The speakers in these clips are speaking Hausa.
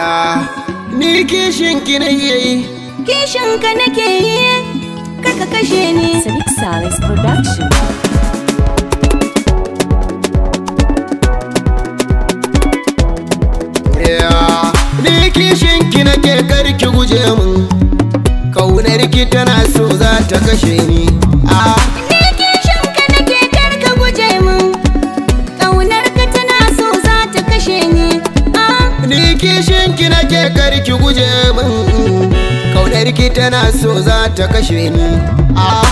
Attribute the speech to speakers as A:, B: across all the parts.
A: faɗa ni kishin ki nake kishin ka nake yi kaka kashe ni Sadiq Salis Production
B: Ni kishin ki nake karki guje min kaunar ki tana so za ta kashe ni kishin ki nake karki guje min kaunar ki tana so za ta kashe ni ah.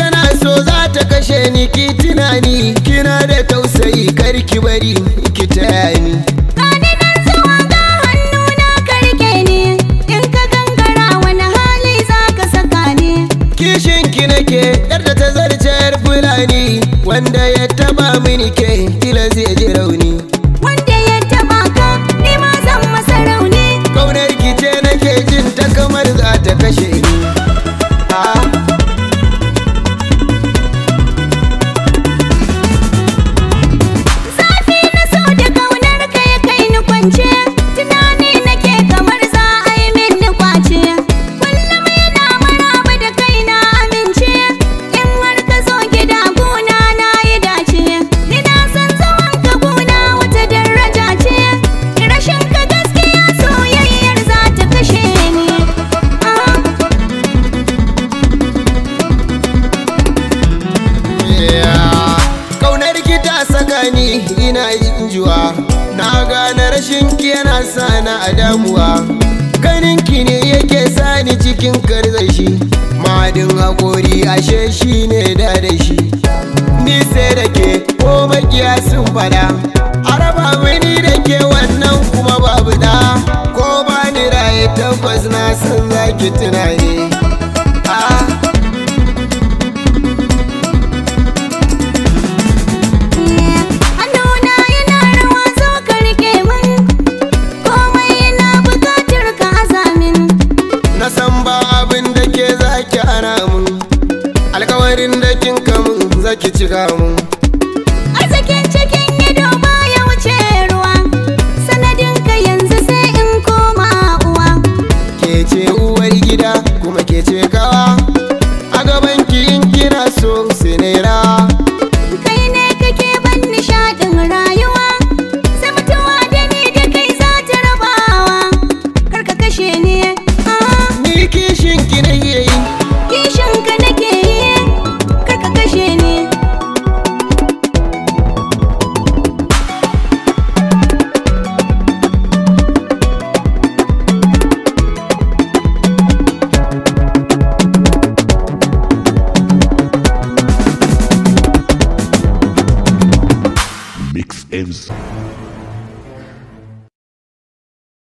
B: tana so za ta kashe ni ki tunani kina da tausayi karki bari ki taya wanda ya taba mini ke kila zai je rauni wanda ya taba ka ni ma zan masa rauni kaunar ki ce nake jin ta kamar za ta kashe ni ah.
A: zafi na so da kaunar ka ya kai ni kwance
B: kita sakani saka ni ina injuwa na rashin ki yana sa na a damuwa ganin ki ne yake sani cikin karzashi madin hakori ashe shi ne da da shi ni sai da ke ko makiya sun fada araba mai ni da ke wannan kuma babu da ko ba ni raye tabbas na san zaki tunani ki jira mu
A: arzikin cikin ido baya wuce ruwa sanadin ka yanzu sai in koma uwa
B: ke ce uwar gida kuma ke ce kawa a gaban ki in kira so sinera
A: Ems.